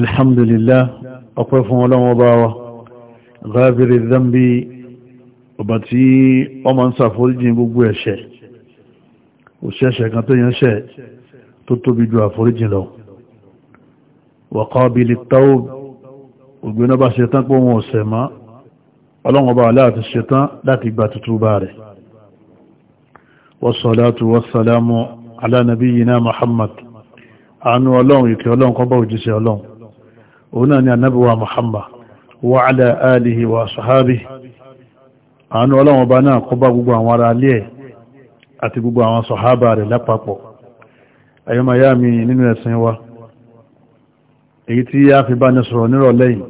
alhamdulillah ọpẹ́ fún ọlọ́wọ́ bá wa ghafiri dhanbi ọba tí ọmọ ń ṣàforíjì gbogbo ẹ̀ṣẹ̀ òṣẹ́ṣẹ̀ kan tó yẹnṣẹ̀ tó tóbi ju àforíjì lọ wa qabili tawb ògbéná bá ṣetán pé wọn ọ̀sẹ̀ má ọlọ́wọ́ bá aláàtì ṣetán láti gba tuntun bá rẹ̀ wassalatu wassalamu àánú ọlọ́run ìkẹ́ ọlọ́run kó òjíṣẹ́ ọlọ́run òun náà ni ànábì wa Muhammad wa ala alihi wa sahabi àánú ọlọ́wọ́n bá náà kó bá gbogbo àwọn ará alẹ́ ẹ̀ àti gbogbo àwọn sọ̀hábà rẹ̀ lápapọ̀ ayọ́mayá mi nínú ẹ̀sìn wa èyí tí a fi bá ní sọ̀rọ̀ nírọ̀lẹ́yìn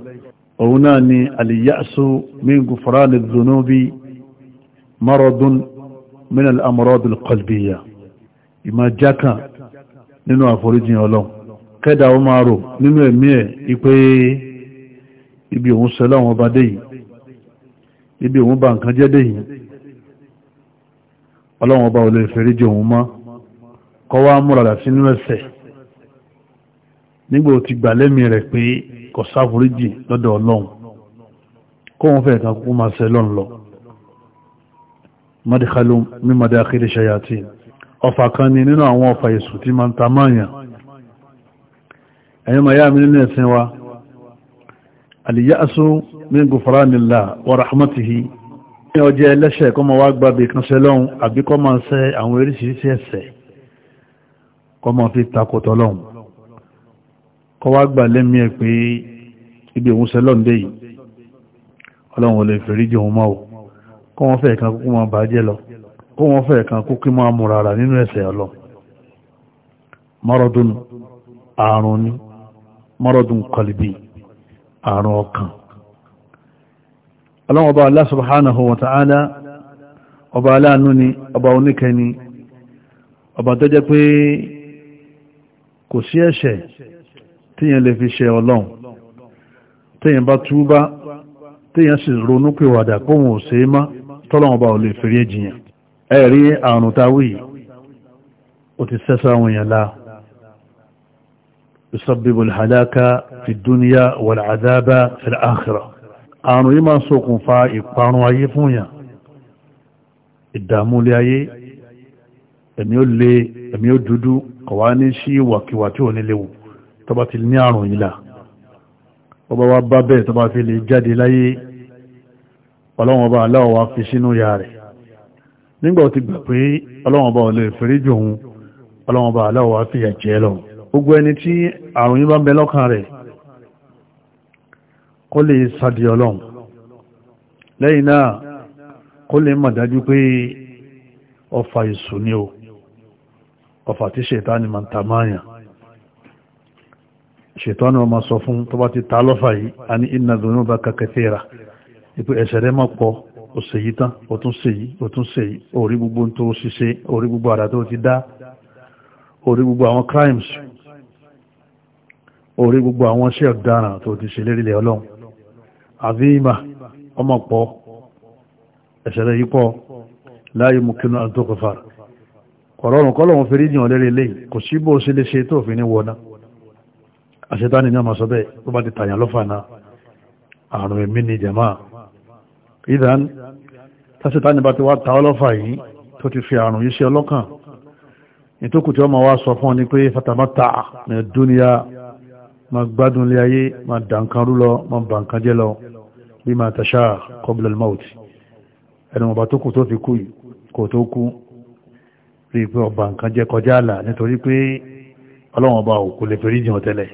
òun náà ni alìyásù min gufrani dhunubi maradun min al-amradil qalbiyya ìmá jákàn nínú àforíjìn kẹ́dà ó máa rò nínú ẹ̀mí ẹ̀ ipé ibi òun sẹ́lá wọn bá dé yìí ibi òun bá nǹkan jẹ́ dé yìí ọlọ́wọ́n bá olè fèrè jẹ òun má kọ́ wá múràdà sínú ẹ̀ṣẹ̀ nígbà tí gbà lẹ́mí rẹ̀ pé kò sáforíjì lọ́dọ̀ ọlọ́run kóhun fẹ́ kan kúkú máa sẹ́lọ́n lọ mádìkálù mímọ̀dá kéré ṣayàtì ọfà kan ni nínú àwọn ọfà èṣù tí máa ń ta máàyàn ẹ̀yẹ́ ma yá mi nínú ẹ̀sìn wa alìyáṣó ní gùfàránìlá wà rahmatihi ní ọjọ́ ẹlẹ́ṣẹ̀ kọ́ ma wá gbàbí kanṣẹ́ lọ́hun àbí kọ́ ma ṣẹ̀ àwọn oríṣiríṣi ẹ̀ṣẹ̀ kọ́ ma fi takòtọ́ lọ́hun kọ́ wá gbà lẹ́mí ẹ̀ pé ibi òun ṣẹ̀ lọ́hun dé yìí ọlọ́run olè fèrí jẹ òun máa kọ́ wọ́n fẹ́ kan kúkú máa bàájẹ́ lọ kọ́ wọ́n fẹ́ kan kúkú máa múra rà nínú ẹ̀ṣẹ̀ ọlọ́ àrùn ni maradun qalbi àrùn ọkàn ọlọ́wọ́ ọba Allah subhanahu wa ta'ala ọba aláàánú ni ọba oníkẹni ọba tó jẹ́ pé kò sí ẹ̀ṣẹ̀ tíyàn lè fi ṣe ọlọ́run tíyàn bá túbá tíyàn sì ronú pé wàdà kóhun ò sí má tọ́lọ́wọ́ ọba ò lè fèrè jìyàn ẹ̀rí àrùn táwí ò ti sẹ́sà àwọn èèyàn láà يسبب الهلاك في الدنيا والعذاب في الآخرة àrùn yìí máa sókùn fa ìparun ayé fún yàn ìdààmú lé ayé ẹ̀mí ó lé ẹ̀mí ó dúdú kọ̀wá ní sí ìwàkiwà tí ò ní léwu tó bá ti ní àrùn yìí là ọba wa bá bẹ́ẹ̀ tó bá fi lè jáde láyé ọlọ́wọ́n ọba aláwọ̀ wa fi sínú ya rẹ̀ nígbà ó ti gbà pé ọlọ́wọ́n ọba ò lè fèrè jòun ọlọ́wọ́n ọba aláwọ̀ wa fìyà jẹ lọ́wọ́ gbogbo ẹni tí àrùn yìí bá bẹ lọ́kàn rẹ̀ kó lè sàdì ọlọ́run lẹ́yìn náà kó lè mọ̀ dájú pé ọfà ìsù ni o ọfà tí ṣètánì ma ń ta máyà ṣètánì ọmọ sọ fún tó bá ti ta lọ́fà yìí a ní inna dhunubaka kathira ipò ẹ̀ṣẹ̀ rẹ̀ mọ̀ pọ̀ orí gbogbo àwọn crimes orí gbogbo àwọn ṣe ọ̀daràn tó ti ṣe lérílẹ̀ ọlọ́run àfihìmà ọmọpọ̀ ẹ̀ṣẹ̀lẹ̀ yípọ̀ láyé mú kínú àtòkòfà kọ̀rọ̀rùn kọ́lọ̀run fèrè jìyàn lérí ilé kò sí bó ṣe lè ṣe tó fi ní wọná àṣetáni ní ọmọ sọ bẹ́ẹ̀ tó bá ti tàyàn lọ́fàna àrùn èmi ni jẹ̀má ìdán tàṣetáni bá ti wá ta ọlọ́fà yìí tó ti fi àrùn yìí ṣe ọlọ́kàn ìtókù ọmọ wa sọ fún ọ ni pé fatamata ní dúníyà ma gbádùn lé ayé ma dànkanrú lọ ma bànkanjẹ́ lọ bí ma tàṣà kọbílẹ̀ mọ́ọ̀tì ẹnu ọba tó kù tó fi kú kò tó kú rí pé ọba nǹkan jẹ́ kọjá àlà nítorí pé ọlọ́wọ̀n ọba ò kò lè fẹ́rí jìn ọ̀tẹ́lẹ̀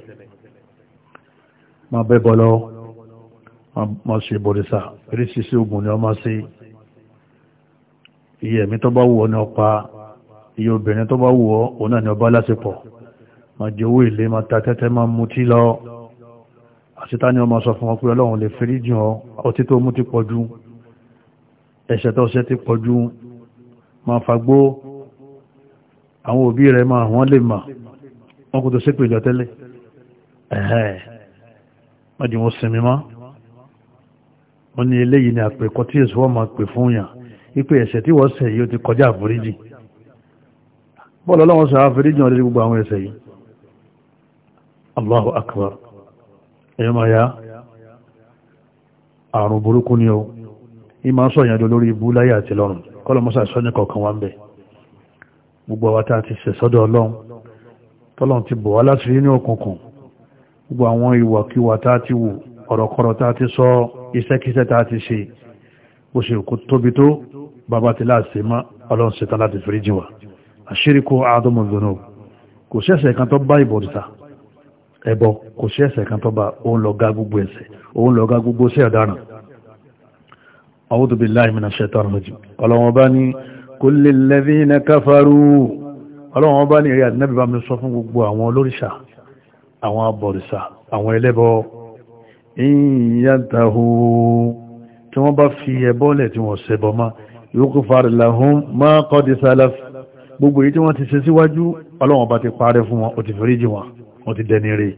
ma bẹ́ bọ́ ma ṣe bọ̀dẹ̀sà eré ṣíṣe ogun ni ọmọ sí iye ẹ̀mí tó bá wù ọ́ ni ọpa iye obìnrin tó bá wù ọ́ òun náà ni ọba láṣepọ̀ ma jẹ owó ilé ma ta tẹ́tẹ́ ma mú tí lọ àṣítá ni ọmọ sọ fún wọn pé ọlọ́run lè fẹ́rí jù ọ ọtí tó mú ti ẹ̀ṣẹ̀ tó ṣẹ̀ ti pọ̀ ma fagbó àwọn òbí rẹ̀ ma wọ́n lè mà wọ́n kò tó ṣépè lọ tẹ́lẹ̀ ẹ̀hẹ́ má jẹ́ wọn sinmi má wọ́n ní eléyìí ni àpèkọ́ tí èso wọ́n máa pè fún yàn wípé ẹ̀ṣẹ̀ tí wọ́n ṣẹ̀ yìí ó ti kọjá àforíjì bọ́ọ̀lù sọ àforíjì wọn gbogbo àwọn ẹ̀ṣẹ̀ yìí Allahu akbar ẹ̀yọ́ máa ya àrùn burúkú ni ó ìmá sọ ìyàjò lórí ibú láyé àti lọ́run kọ́lọ̀mọ́sà sọ ní kọ̀ọ̀kan wá ń bẹ̀ gbogbo àwọn tá a ti ṣẹ̀sọ́dọ̀ ọlọ́run tọ́lọ́run ti bọ̀ wá láti rí ní òkùnkùn gbogbo àwọn ìwàkiwà tá a ti wù ọ̀rọ̀kọ̀rọ̀ tá ti sọ iṣẹ́kíṣẹ́ tá ti ṣe bó ṣe kò tóbi tó bàbá ti láàṣẹ mọ́ ọlọ́run ṣetán láti foríjì àṣírí kó àádọ́mọ̀ lónà kò ṣẹ̀ṣẹ̀ kan tó bá ìbọ̀dìta ẹbọ kò sí ẹ̀ṣẹ̀ kan tọ́ba òun lọ ga gbogbo ẹ̀ṣẹ̀ òun lọ ga gbogbo sí ọ̀daràn a'udhu billahi minash shaitanir rajim ọlọ́wọ́n bá ní kullil ladhina kafaru ọlọ́wọ́n bá ní eré àdínábì bá mi sọ fún gbogbo àwọn olóríṣà àwọn abọ̀rìṣà àwọn ẹlẹ́bọ in yantahu tí wọ́n bá fi ẹbọ lẹ̀ tí wọ́n ṣẹbọ mọ́ yukfar gbogbo èyí tí wọ́n ti ṣe síwájú ọlọ́wọ́n bá ti parẹ́ fún wọn ó ti foríjì wọn wọ́n ti dẹni rè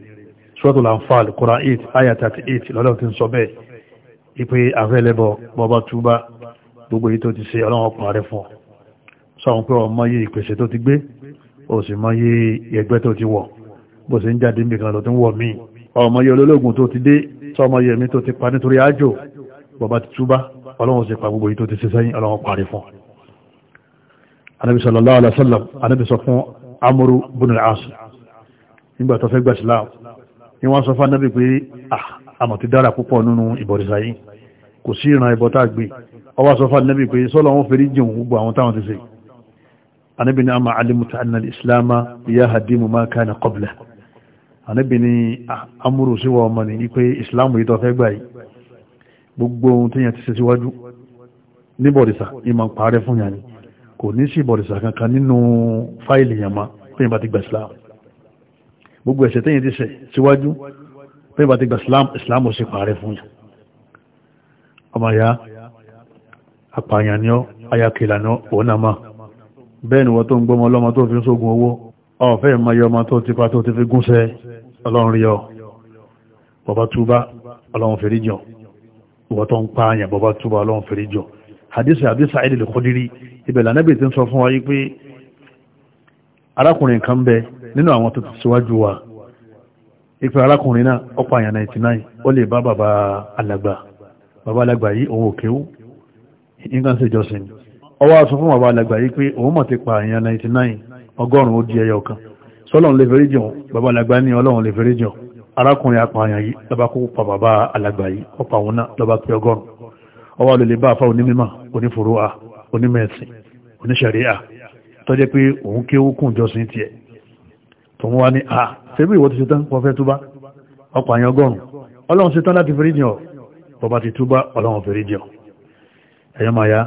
Suratul Anfal Quran eight ayah thirty eight lọ́dọ̀ ti ń sọ bẹ́ẹ̀ ipe àfẹ́lẹ́bọ̀ bọ́bá túbá gbogbo èyí tó ti ṣe ọlọ́run ọkùnrin rẹ fún ọ sọ́run pé ọmọ yé ìpèsè tó ti gbé o sì mọ yé ẹgbẹ́ tó ti wọ̀ bó ṣe ń jáde níbi kan lọ tó ń wọ̀ míì ọmọ yé olólógún tó ti dé sọmọ yé mi tó ti pa nítorí àjò bọ́bá ti túbá ọlọ́run sì pa gbogbo èyí tó ti ṣe sẹ́yìn ọlọ́run ọkùnrin fún ọ anabi sallallahu alaihi wasallam anabi sọ fún amuru bunu asu nígbà tó fẹ́ gbà síláàmù ni wọ́n sọ fún anábì pé ah, àmọ̀ ti dára púpọ̀ nínú ìbọ̀rìṣà yìí kò sí ìran ìbọ̀ tá a gbé ọwọ́ sọ fún anábì pé sọ́lọ́ wọn fẹ́rí jẹun gbogbo àwọn táwọn ti ṣe anábì ni àmà alimuta anna islama ya hadimu ma kana qabla anábì ni ah, amúrù síwọ ọmọ ni pé ìsìláàmù yìí tó fẹ́ gbà yìí gbogbo ohun tí yẹn ti ṣe síwájú ní bọ̀rìṣà ìmọ̀ pààrẹ fún yàn ni kò ní sí bọ̀rìṣà kankan nínú fáìlì yàn ma pé yẹn bá gbogbo ẹ̀ṣẹ̀ tẹ́yìn ti ṣẹ̀ síwájú bẹ́ẹ̀ bá ti gba islam islam parẹ́ fún yàn ọmọ ya apààyàn ni ọ ayakìlà ni òun náà máa bẹ́ẹ̀ ni wọ́n tó ń gbọ́mọ ọlọ́mọ tó fi ń sógun owó ọ̀fẹ́ ìmọ̀yẹ ọmọ tó ti pa tó ti fi gúnṣẹ́ ọlọ́run rí ọ bọ́bá túbá ọlọ́run fèrè jọ wọ́n tó ń pààyàn arákùnrin kan bẹ́ẹ̀ nínú àwọn tó ti síwájú wa ìpè arákùnrin náà ọ̀pọ̀ àyàn 99 ó lè bá bàbá alàgbà bàbá alàgbà yìí òun òkèwú nǹkan ṣe jọsìn ọwọ́ aṣọ fún bàbá alàgbà yìí pé òun mọ̀ ti pa àyàn 99 ọgọ́rùn-ún ó di ẹyọ kan sọ́lọ́run lè fẹ́rí jẹun bàbá alàgbà ní ọlọ́run lè fẹ́rí jẹun arákùnrin apààyàn yìí lọ́ba kó pa bàbá alàgbà yìí ọ̀pọ̀ àwọn náà lọ́ba pé ọgọ́rùn ọwọ́ alòlè bá afá onímímà onífòrò a onímẹ̀sìn oníṣẹ̀ríà tọ́jẹ́ pé òun kéwú kùn jọsìn tiẹ̀ tòun wá ní à ah, ṣébí ìwọ ti ṣetán wọ́n fẹ́ túbá ọkọ̀ àyàn ọgọ́rùn ọlọ́run ṣetán láti fèrè jìn ọ ti túbá ọlọ́run fèrè jìn ẹ̀yọ́ máa ya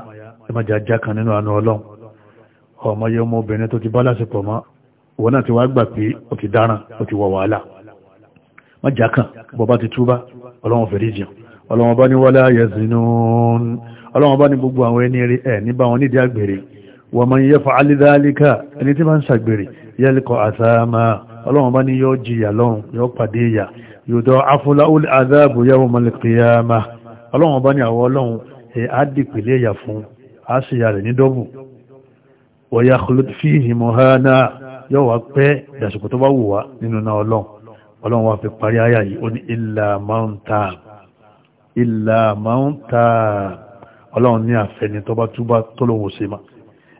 ẹ má jàjá kan nínú àánú ọlọ́run ọmọ yẹ ọmọ obìnrin tó ti bá lásìpọ̀ mọ́ ìwọ náà ti wá gbà pé ó ti dáràn ó ti wala yazinun ọlọ́run bá ní gbogbo àwọn ẹni ẹ wa man yaf'al dhalika ẹni tí bá ń ṣàgbèrè yalqa athama ọlọ́run bá ní yóò jìyà lọ́run yóò pàdé ìyà yudha'afu lahu al-adhabu yawma al-qiyamah ọlọ́run bá ní àwọ yà yóò wá pẹ́ ìdàsùkú tó ọlọ́run ní àfẹ́ni tó bá túbá tó lóhun sí máa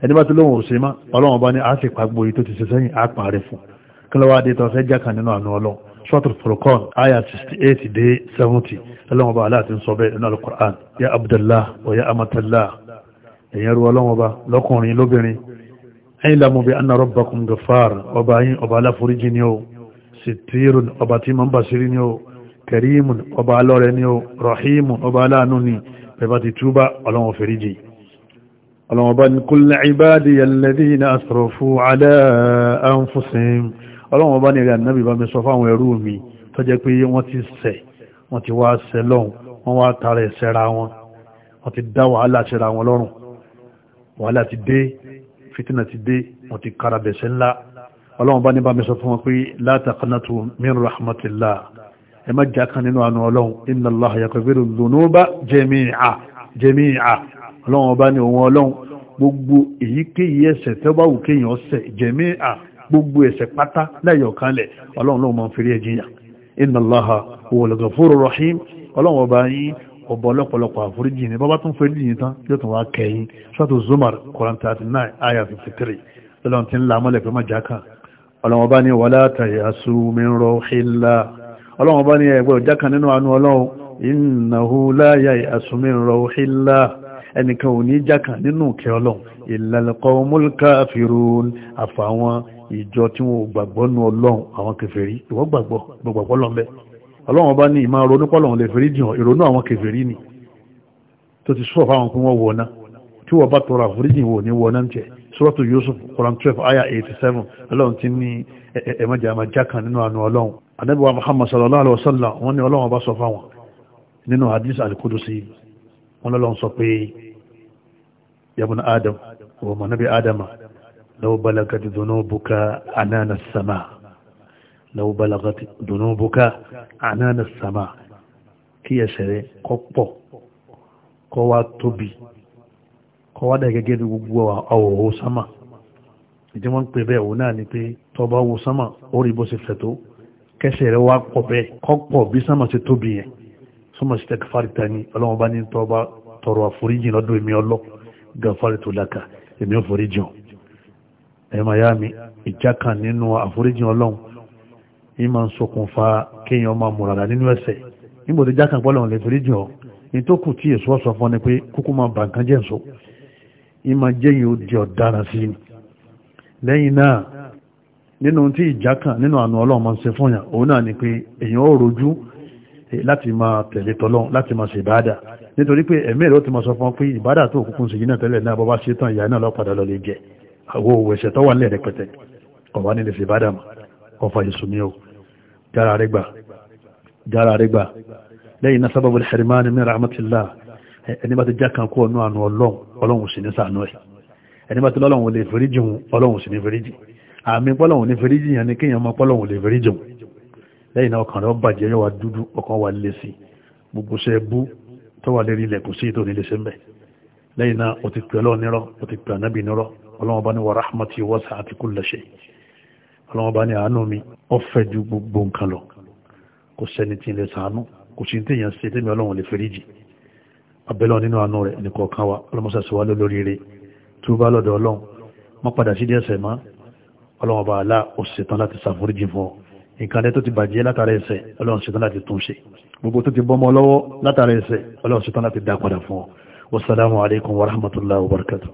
ẹni bá tó lóhun òsè má ọlọ́run bá ní a sì pàgbò yìí tó ti sẹ́sẹ́yìn á pa rẹ̀ fún kí lọ́wọ́ adé tó fẹ́ jákàn nínú àánú ọlọ́run sọ́tò furqan aya 68 dé 70 ọlọ́run bá aláàtí ń sọ bẹ́ẹ̀ nínú alukur'an ya abdallah wa ya amatallah èèyàn ru ọlọ́run bá lọ́kùnrin lóbìnrin ẹ̀yin lamu bi anna rabbakum gafar ọba yín ọba aláforíjì ni ó sitirun ọba tí ma ń basiri ni ó karimun ọba alọ́rẹ ni ó rahimun ọba aláàánú ni bẹ́ẹ̀ ti túbà ọlọ́run fèrèjì ọlọ́wọ́n bá ní kúlẹ̀ ìbáàdì yàlẹ́dí ní àṣírọ̀fú alẹ́ àǹfúsìn ọlọ́wọ́n bá ní ìrìn ànábì bá mi sọ fáwọn ẹrú mi tó jẹ́ pé wọ́n ti ṣẹ̀ wọ́n ti wá ṣẹ̀ lọ́hùn wọ́n wá tara ẹ̀ṣẹ̀ ra wọn wọ́n ti dá wàhálà ṣe ra wọn lọ́rùn wàhálà ti dé fitina ti dé wọ́n ti kára bẹ̀ṣẹ̀ ńlá ọlọ́wọ́n bá ní bá mi sọ fún wọn pé látàkánátù min rahmatillah ẹ má jákan nínú àánú ọlọ́run inna Allah yaghfiru dhunuba jami'a jami'a ọlọ́run ọba ní òun ọlọ́run gbogbo èyíkéyìí ẹ̀ṣẹ̀ tó bá wù kéèyàn ṣẹ̀ jẹ̀mí à gbogbo ẹ̀ṣẹ̀ pátá lẹ́yọ̀kanlẹ̀ ọlọ́run ló máa ń fèrè ẹ̀jìyà inna Allaha huwal ghafurur rahim ọlọ́run ọba yín ọba ọlọ́pọ̀lọpọ̀ àforíjì ni bọ́bá tún fèrè yìí tán yóò tún wá kẹ́yìn sọ́tò Zumar Quran 39 ayah 53 lọ́lọ́run ẹnìkan ò ní jákà nínú ìkẹ́ ọlọ́run illal qawmul kafirun àfàwọn ìjọ tí wọn ò gbàgbọ́ nu ọlọ́run àwọn kèfèrí ìwọ gbàgbọ́ gbàgbọ́ lọ́nbẹ́ ọlọ́run ọba ní ìmọ̀ ronú pọ́lọ́run lè fèrí dìhàn ìrònú àwọn kèfèrí ni tó ti sọ fáwọn pé wọ́n wọ̀ náà tí wọ́n bá tọrọ àforíjì wò ní wọ́n náà tẹ̀ Yusuf Quran 12 aya 87 ọlọ́run ti ní ẹ̀mẹ́jà àmà jákàn nínú àánú ọlọ́run anábíwá Muhammad sallallahu alaihi wasallam wọ́n hadith al-Qudusi wọn lọ́lọ́ sọ pé yabun adam wọ́n mọ̀ níbi adama lọ́wọ́ balagati dunubuka anana sama lọ́wọ́ balagati dunubuka anana sama kí ẹsẹ̀ rẹ̀ kọ́ pọ̀ kọ́ wá tóbi kọ́ wá dà gẹ́gẹ́ bí gbogbo àwòrán sama ìdí wọ́n ń pè bẹ́ẹ̀ òun náà ni pé tọba wo sama ó rí bó ṣe fẹ̀ tó kẹsẹ̀ rẹ̀ wá pọ̀ bẹ́ẹ̀ kọ́ pọ̀ bí sama ṣe tóbi yẹn súnmọ́ sí tẹ́kifárì tani ọlọ́wọ́n bá ní tọ́ba tọrọ àforíjì lọ́dún èmi ọlọ́ gàfárì tó laka èmi ò foríjì hàn ẹ̀ mayami ìjà kan nínú àforíjì ọlọ́run yìí máa ń ṣokùnfà kéèyàn máa múrara nínú ẹ̀ṣẹ̀ nígbà tó jákàn pọ́lọ̀ lè foríjì hàn ní tó kù tí èso ọ̀sán fún ni pé kúkú máa bà ni lẹ́yìn náà nínú tí fún yàn òun náà ni pé èèyàn ó rojú láti máa tẹ̀lé tọ́lọ́n láti máa ṣe ìbáadà nítorí pé ẹ̀mí ẹ̀rọ ti máa sọ fún pé ìbáadà tó òkùnkùn sí yìí náà tẹ́lẹ̀ náà bọ́bá ṣe tán ìyá náà lọ́padà lọ lè jẹ àwọ òwẹ̀ṣẹ̀ tọ́wà nílẹ̀ rẹpẹtẹ ọ̀wá nílẹ̀ sí ìbáadà mà ọ̀fà yìí sùnmí o jára rẹ gbà jára rẹ gbà lẹ́yìn náà sábàbù al-hirmani min rahmatillah ẹni bá ti já kan kú ọ̀nà àánú ọlọ́run ọlọ́run sì ní sàánú ẹ̀ ẹni bá ti lọ́lọ́run lè fèríjì hun ọlọ́run sì ní fèríjì àmì pọ́lọ́run ní fèríjì yẹn ni kéèyàn mọ pọ́lọ́run lè lẹ́yìn náà ọkàn rẹ̀ ó bàjẹ́ yóò wa dúdú ọkàn wà lè sí gbogbo ṣe é bú tó wà lérí ilẹ̀ kò sí ètò onílé ṣe ń lẹ́yìn náà ó ti pè nírọ́ ó ti pè ànábì nírọ́ ọlọ́run bá ní wa rahmati wasi'at kulla shay ọlọ́run bá ní àánú mi ó fẹ̀ ju gbogbo nǹkan lọ kò sẹ́ni tí ń lè sàánú kò sí tí èèyàn ṣe tẹ́mi ọlọ́run lè fẹ́rí jì abẹ́lọ́ nínú àánú rẹ̀ ní kọ̀ọ̀kan wa ọlọ́mọṣàṣì nǹkan rẹ tó ti bàjẹ́ látara ẹsẹ̀ ọlọ́run ṣetán láti tún ṣe gbogbo tó ti bọ́mọ lọ́wọ́ látara ẹsẹ̀ ọlọ́run ṣetán láti dá padà fún ọ wasalaamu alaykum wa rahmatulahi wa barakatuh